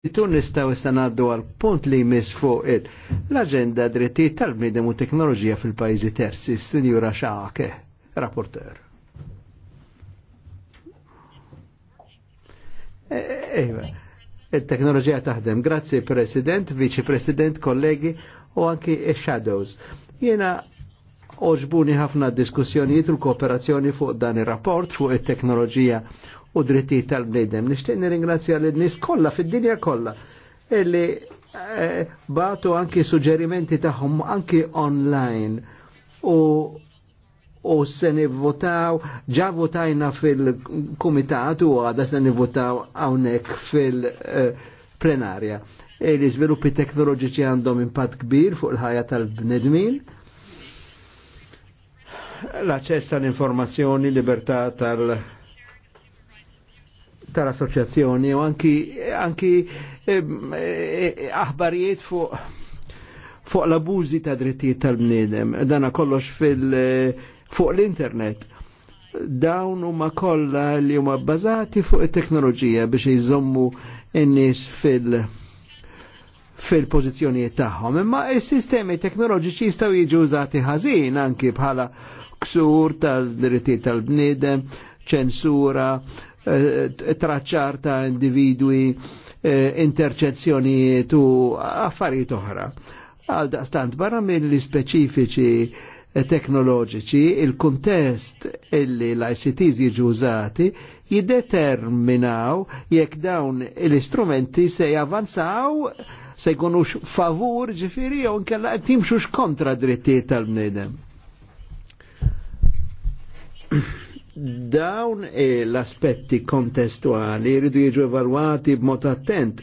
Jitun nistaw issa ngħaddu għal punt li jmiss fuq il l-aġenda dritti tal-bniedem u teknoloġija fil-pajjiżi terzi, Sinjura Xaake, rapporter. Ejwa, e, e, e, il-teknoloġija taħdem. Grazzi President, Viċi President, kollegi u anki shadows Jena oġbuni ħafna diskussjonijiet u kooperazzjoni fuq dan ir-rapport fuq it-teknoloġija u dritti tal-bnedem. Nishtiqni ringrazzja l nis kollha fid-dinja kollha illi eh, batu anki suġġerimenti tagħhom anki online u u se nivvotaw, ġa votajna fil-komitat u għada se nivvotaw għawnek fil-plenarja. Eh, e li sviluppi teknoloġiċi għandhom impatt kbir fuq il-ħajja tal-bnedmin l-aċċess għall-informazzjoni, libertà tal- tal-assoċjazzjoni u anki, anki eh, eh, aħbarijiet fuq fuq l-abużi ta' drittijiet tal-bniedem, dana kollox fil eh, fuq l-internet. Dawn huma kollha li huma bbażati fuq it-teknoloġija biex jżommu n-nies fil- fil-pożizzjonijiet tagħhom. Imma s-sistemi teknoloġiċi jistgħu jiġu użati ħażin anki bħala ksur tal-drittijiet tal-bniedem, ċensura, Eh, traċċar ta' individwi, eh, interċezzjonijiet u affarijiet oħra. Għal daqstant barra li speċifiċi eh, teknoloġiċi, il-kuntest illi l-ICTs jiġu użati jiddeterminaw jekk dawn l-istrumenti se javanzaw se jkunux favur ġifiri jew nkella timxux kontra drittijiet tal-bnedem Dawn e, l-aspetti kontestuali jridu jiġu evalwati b'mod attent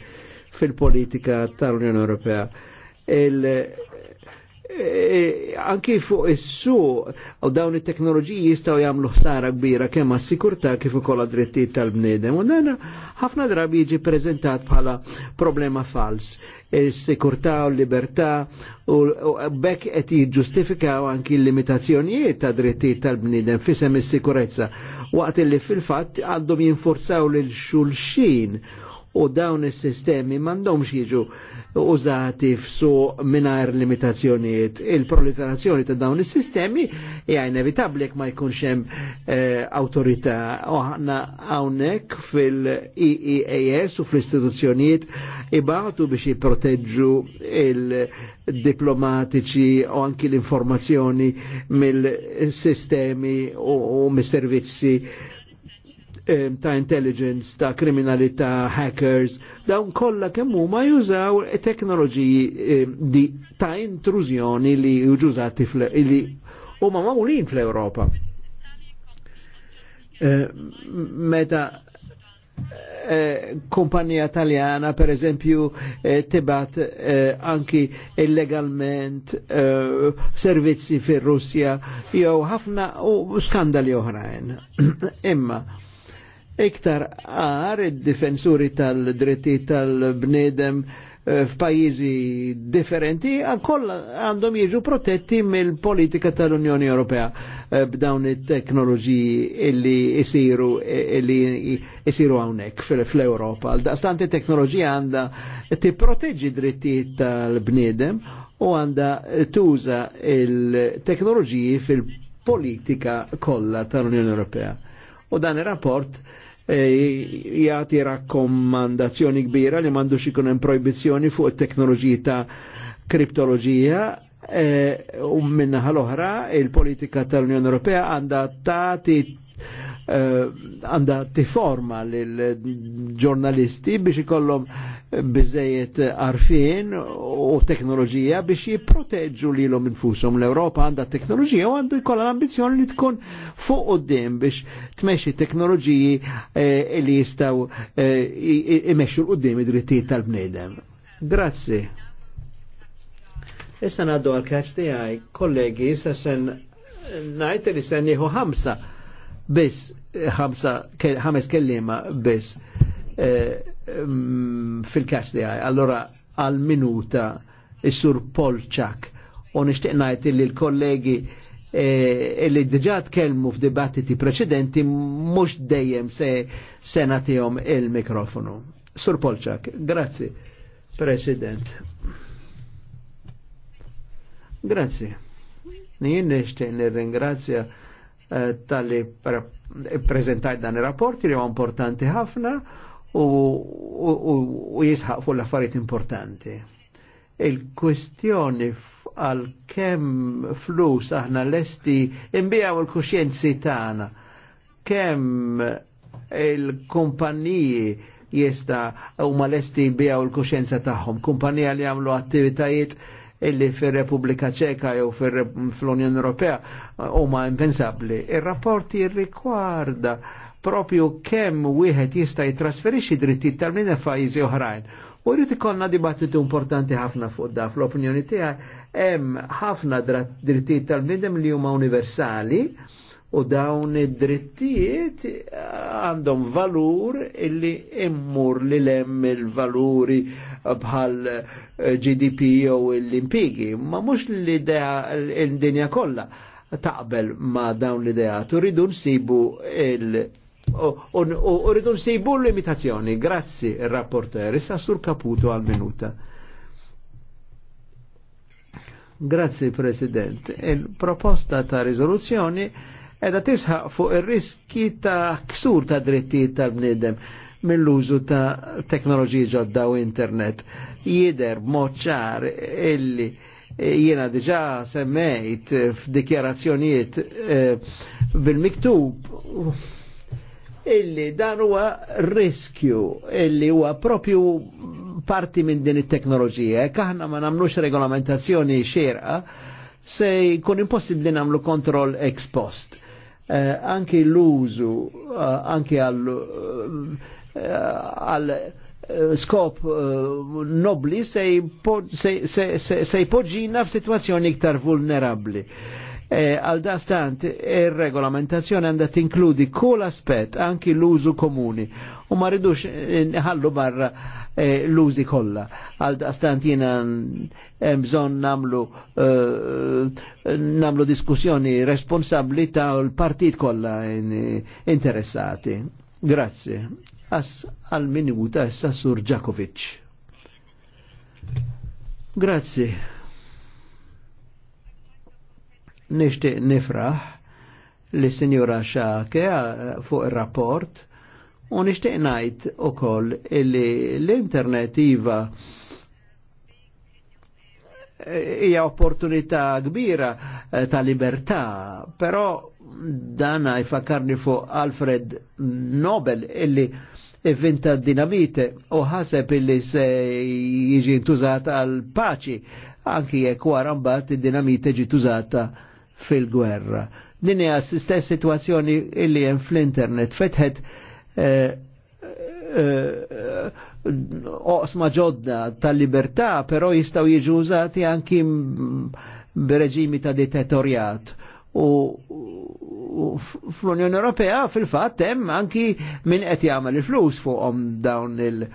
fil-politika tal-Unjoni Ewropea. E, anki fuq is-su u dawn it-teknoloġiji jistgħu jagħmlu ħsara kbira kemm għas-sikurtà kif ukoll għad-drittijiet tal-bniedem. U dan ħafna drabi jiġi preżentat bħala problema fals. Is-sikurtà u l-libertà u bekk qed jiġġustifikaw anki l-limitazzjonijiet ta' drittijiet tal-bniedem fisem is-sikurezza waqt li fil-fatt għandhom jinforzaw lil xulxin u dawn is-sistemi m'għandhomx jiġu użati f'su mingħajr limitazzjonijiet. Il-proliferazzjoni ta' dawn is-sistemi hija inevitabbli ma jkunx hemm eh, awtorità aħna hawnhekk fil-EEAS u fl-istituzzjonijiet ibagħtu biex jipproteġġu il-diplomatiċi u anki l-informazzjoni mill-sistemi u mis-servizzi ta' intelligence, ta' kriminalità, hackers, dawn kollha kemm huma jużaw teknoloġiji di ta' intrużjoni li jużati li huma magħmulin fl-Ewropa. Eh, meta eh, kumpanija taljana per eżempju eh, tibat anki illegalment servizzi fir russja jew ħafna u skandali oħrajn. Imma iktar għar id-difensuri tal-dritti tal-bnedem eh, f'pajjiżi differenti kollha għandhom jiġu protetti mill-politika tal-Unjoni Ewropea eh, b'dawn it-teknoloġiji illi jisiru eh, illi jisiru hawnhekk fl-Ewropa. Għaldaqstant it-teknoloġija għandha tipproteġġi drittijiet tal-bniedem u għandha tuża il-teknoloġiji fil-politika kollha tal-Unjoni Ewropea. U dan ir-rapport E, jgħati rakkomandazzjoni kbira li mandu ikun hemm projbizzjoni fuq it-teknoloġiji ta' kriptoloġija e, u minnaħa l-oħra il-politika tal-Unjoni Ewropea għandha tagħti e, għandha tiforma l-ġurnalisti biex ikollhom bizzejiet arfin u teknoloġija biex jiproteġu li l-om infusom. L-Europa għanda teknoloġija u għandu jkolla l-ambizjoni li tkun fuq u d-dim biex tmexxi teknoloġiji eh, li jistaw eh, imexxu l-qoddim id-drittijiet tal-bnedem. Grazzi. Issa naddu għal-kaċ tijaj, kollegi, issa sen najt li sen jieħu ħamsa, bis, ħamsa, ħames kellima, bis. Eh, Ehm, fil-kaċ di għaj. Allora, għal-minuta, il-sur Polċak, u nishtiqnajt li l-kollegi e, li diġa tkellmu f'dibattiti preċedenti mux dejjem se senatijom il-mikrofonu. Sur Polċak, grazzi, President. Grazzi. Nijin nishtiq nir-ringrazzja eh, tal-li prezentajt dan il-rapporti li huwa importanti ħafna u jisħaq fuq l-affarijiet importanti. Il-kwestjoni għal kemm flus aħna lesti imbijaw il-kuxjenzi tagħna kemm il-kumpaniji jista huma lesti jbijaw il-kuxjenza tagħhom, kumpanija li jagħmlu attivitajiet illi fir-Repubblika Ċeka jew fil unjoni Ewropea huma impensabbli. ir rikwarda jirrikwarda propju kemm wieħed jista' jitrasferixxi drittijiet tal minn f'pajjiżi oħrajn. U jrid ikollna dibattitu importanti ħafna fuq da fl-opinjoni tiegħek hemm ħafna drittijiet tal-bniedem li huma universali u dawn id-drittijiet eh, għandhom valur illi immur li lem il-valuri bħal eh, GDP u l-impigi, ma mux l-idea l-dinja kolla taqbel ma dawn l-idea, turidu nsibu il- u rridu nsibu l-limitazzjoni. Grazzi, il-rapporter, issa sur kaputo għal-minuta. Grazzi, President. Il-proposta ta' è da tisħaq fuq il riski ta' ksur ta' dritti tal-bniedem mill-użu ta' teknoloġiji ġodda u internet. Jider moċċar illi jiena diġa semmejt f'dikjarazzjonijiet eh, bil-miktub illi dan huwa riskju illi huwa propju parti minn din it-teknoloġija. Kaħna ma nagħmlux regolamentazzjoni xierqa se jkun impossibbli nagħmlu kontroll ex post. Eh, anki l-użu, uh, anki għal uh, eh, eh, skop nobli se jpoġġina f'sitwazzjoni iktar vulnerabbli. E, għal dastant il-regolamentazzjoni għanda tinkludi kull aspett, anki l-użu komuni, u ma ridux eh, nħallu barra eh, l-użi kollha. Għal dastant stant jina bżon namlu eh, namlu diskussjoni responsabli ta' l-partit kollha interessati. Grazie. As għal minuta issa Sur Djakovic. Grazie nishtiq nifraħ li sinjura Xake fuq il-rapport u nishtiq najt u koll illi l-internet iva eh, hija opportunità kbira eh, ta' libertà, però dan jfakarni fuq Alfred Nobel illi evvinta dinamite u ħaseb illi se jiġi intużata għal paċi anki jekk wara mbagħad id-dinamite ġi tużata fil-gwerra. Din hija stess situazzjoni illi hemm fl-internet fetħet eh, eh, eh, oqsma ġodda tal-libertà, però jistgħu jiġu użati anki b'reġimi ta' dittatorjat u fl-Unjoni Ewropea fil-fatt hemm anki min qed jagħmel il-flus fuqhom dawn il-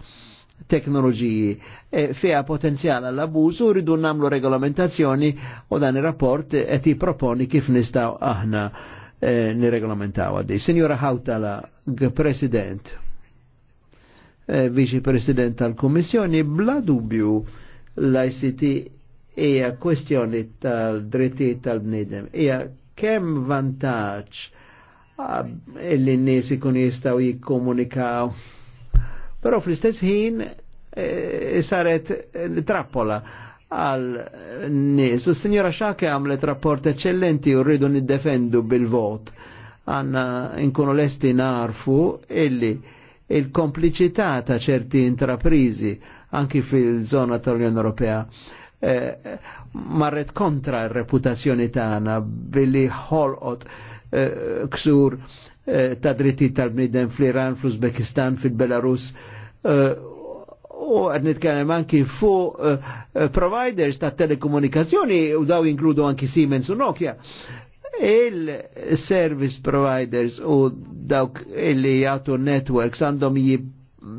teknoloġiji e, fija potenzjal l abużu rridu namlu regolamentazzjoni u dan ir-rapport qed jipproponi kif nistgħu aħna e, nirregolamentaw għaddi. Hautala, Hawtala, President, e, Viċi President tal-Kummissjoni, bla dubju l-ICT hija kwestjoni tal-drittijiet tal-bniedem, hija kemm vantaġġ illi n-nies ikun jistgħu jikkomunikaw Però fl-istess ħin eh, saret eh, trappola għal nis. U sinjora Xake għamlet rapport eccellenti u rridu niddefendu bil-vot. Għanna inkunu lesti narfu illi il-kompliċità ta' ċerti intraprizi anki fil-zona tal-Unjoni Ewropea eh, marret kontra r-reputazzjoni tagħna billi ħolqot ksur eh, Eh, ta' dritti tal-bnidem fl-Iran, fl-Uzbekistan, fil-Belarus eh, u għad nitkellem anki fu eh, providers ta' telekomunikazzjoni u daw inkludu anki Siemens u Nokia. Il-service providers u dawk illi jgħatu networks għandhom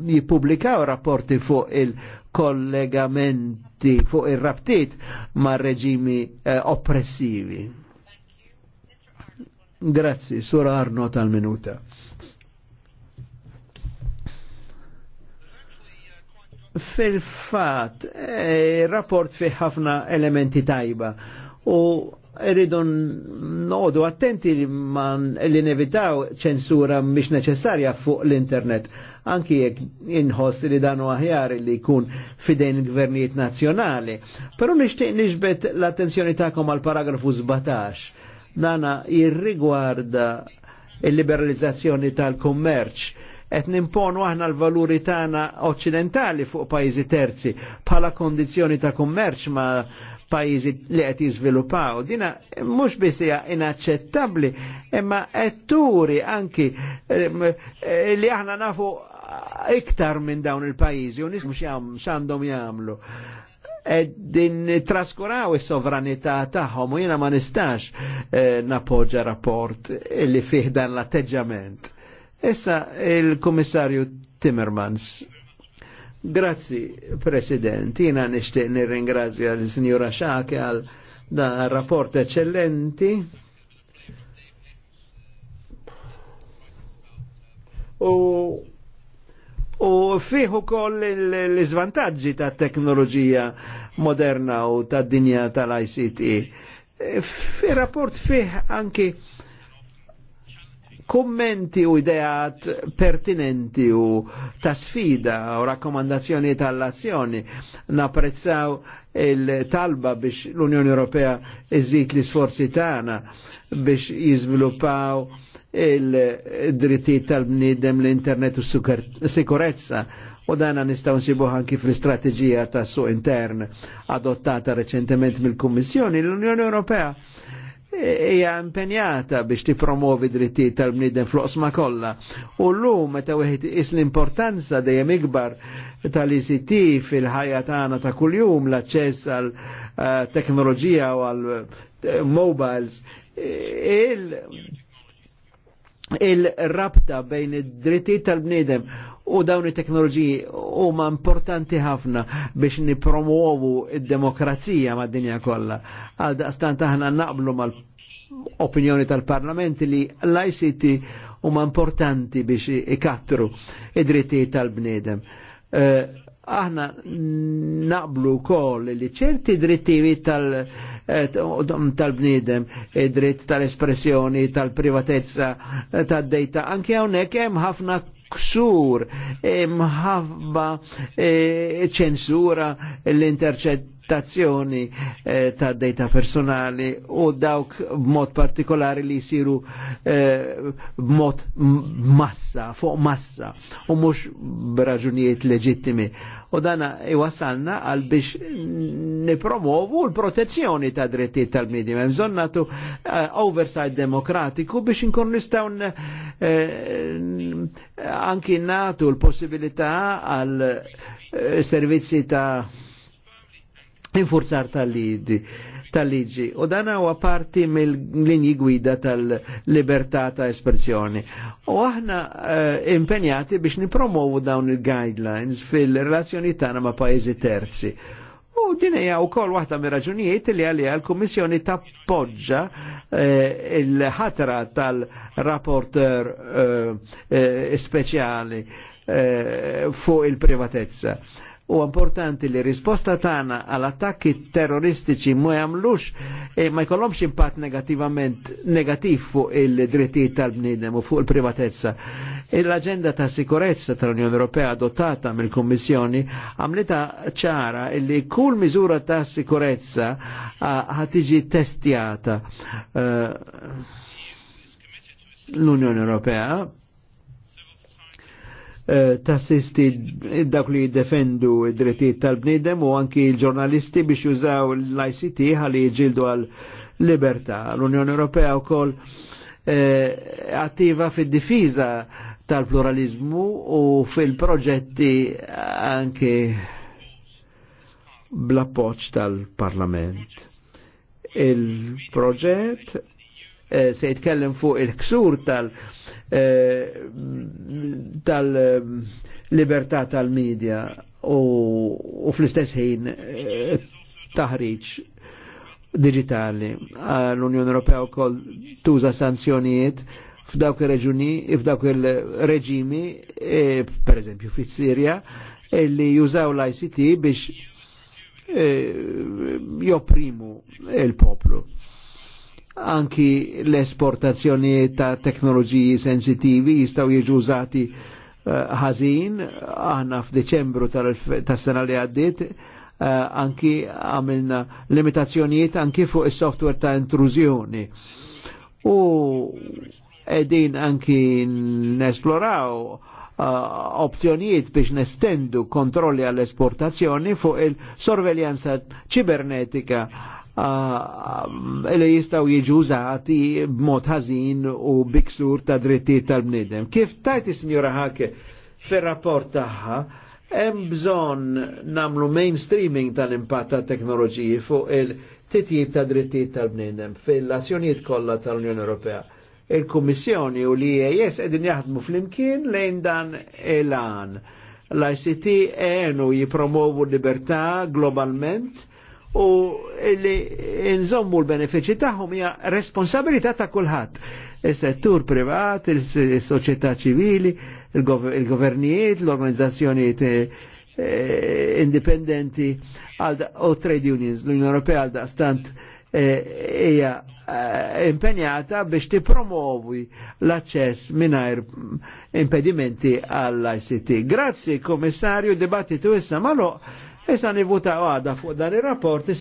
jipublikaw rapporti fuq il-kollegamenti, fuq il-rabtiet ma' reġimi oppressivi. Grazzi, sura Arno tal-minuta. Fil-fat, eh, rapport fi ħafna elementi tajba u rridu nodu attenti li nevitaw ċensura mhix neċessarja fuq l-internet. Anki jekk inħoss li danu aħjar li jkun fidejn gvernijiet nazzjonali. Però nixtieq nixbet l-attenzjoni tagħkom għal paragrafu 17 Nana irrigwarda il-liberalizzazzjoni tal-kummerċ et nimponu aħna l-valuri tana occidentali fuq pajjiżi terzi pala kondizjoni ta' kummerċ ma' pajjiżi li għet jizvilupaw. Dina mux bisija inaċċettabli imma etturi anki ehm, eh, li aħna nafu iktar minn dawn il-pajjiżi u nismu xandom jamlu din traskuraw is-sovranità tagħhom u jiena ma nistax eh, napoġġa rapport li fih dan l-atteġġament. Issa il-Kummissarju Timmermans. Grazzi, President, jiena nixtieq nirringrazja l-Sinjura Xake għal da rapport eccellenti. U u fiħu koll l-izvantagġi ta' teknoloġija moderna u ta' dinja tal-ICT. E, fi rapport fih anki kummenti u ideat pertinenti u ta' sfida u rakkomandazzjoni tal-azzjoni Naprezzaw il-talba biex l-Unjoni Ewropea iżid l-isforzi tagħna biex jiżviluppaw il-drittijiet tal-bniedem l-internet u sikurezza u dana nistaw nsibuħ anki fl-istrateġija ta' suq intern adottata reċentement mill-Kummissjoni l-Unjoni Ewropea hija impenjata biex tipromovi drittijiet tal-bniedem fl-osma kollha. U llum meta wieħed is l-importanza dejjem ikbar tal-ICT fil-ħajja tagħna ta' kuljum l-aċċess għal eh, teknoloġija u għal eh, mobiles il-rabta bejn id-drittijiet tal-bniedem u dawn it-teknoloġiji huma importanti ħafna biex nipromuovu id-demokrazija mad-dinja kollha. Għal daqstant aħna naqblu mal-opinjoni tal-Parlament li l-ICT huma importanti biex ikattru id-drittijiet tal-bniedem. Eh, aħna naqblu koll li ċerti drittijiet tal-bnidem, tal eh, id dritt tal-espressjoni, tal-privatezza, tal-dejta, anke hawnhekk hemm ħafna ksur imħabba eh, ċensura l intercett protezzjoni eh, ta' data personali u dawk b'mod partikolari li jisiru eh, b'mod massa, fuq massa, u mux b'raġunijiet leġittimi. U dana iwasalna għal biex nipromovu l-protezzjoni ta' drittijiet tal-medium. Mżonnatu natu eh, oversight demokratiku biex nkun nistaw eh, anki natu l-possibilità għal eh, servizzi ta' infurzar tal-lidi tal-liġi u dan huwa parti mill-linji gwida tal-libertà ta' espressjoni. U aħna uh, impenjati biex nipromovu dawn il-guidelines fil-relazzjoni tagħna ma' pajjiżi terzi. U din hija wkoll waħda mir-raġunijiet li għalija l-Kummissjoni tappoġġa eh, il-ħatra tal-rapporter eh, eh, speċjali eh, fuq il-privatezza. U importanti li risposta tana għal attakki terroristiċi ma jamlux e ma jkollomx impatt negativament negativ fuq il-drittijiet tal bnidem u fuq il-privatezza. E l ta' sikurezza tal-Unjoni Ewropea adottata mill kommissjoni għamlita ċara li kull miżura ta' sikurezza ħatiġi testjata. Uh, L-Unjoni Ewropea Eh, tassisti dak li jiddefendu id-drittijiet tal-bnidem u anki l-ġurnalisti biex jużaw l-ICT ħalli jġildu għal libertà. L-Unjoni Ewropea wkoll eh, attiva fid-difiża tal-pluralizmu u fil-proġetti anke bl-appoġġ tal-Parlament. Il-proġett eh, se jitkellem fuq il-ksur tal-Parlament Eh, tal-libertà tal-medja u fl-istess ħin eh, taħriġ digitali. Ah, L-Unjoni Ewropea wkoll tuża sanzjonijiet f'dawk il-reġuni, f'dawk il-reġimi, eh, per eżempju fis-Sirja, li jużaw l-ICT biex jopprimu il-poplu anki l-esportazzjoni ta' teknoloġiji sensitivi jistaw jiġu użati eh, ħażin, uh, aħna f'Deċembru tas-sena li għaddiet uh, eh, anki għamilna limitazzjonijiet anki fuq is-software ta' intrużjoni. U edin anki nesploraw uh, opzjonijiet biex nestendu kontrolli għall-esportazzjoni fuq il-sorveljanza ċibernetika Ah, li jistaw jiġu użati b'mod ħażin u biksur ta' drittijiet tal-bniedem. Kif tajti, Signora Hake, fir-rapport tagħha, hemm bżonn namlu mainstreaming tal-impatt ta' teknoloġiji fuq il-titjib ta' drittijiet tal-bniedem fil-azzjonijiet kollha tal-Unjoni Ewropea. Il-Kummissjoni u li EIS qegħdin jaħdmu flimkien lejn dan il elan. L-ICT għenu jipromovu libertà globalment u li nżommu l-benefiċi tagħhom hija responsabilità ta' kulħadd. Is-settur privat, is-soċjetà ċivili, il-governijiet, l-organizzazzjonijiet eh, eh, indipendenti u trade unions l-Unjoni Ewropea għal stant eh, hija impenjata biex tipromovi l-aċċess mingħajr impedimenti għall-ICT. Grazzi, Komissarju, dibattitu issa maloq Issa e nivuta għada fuq dan ir-rapport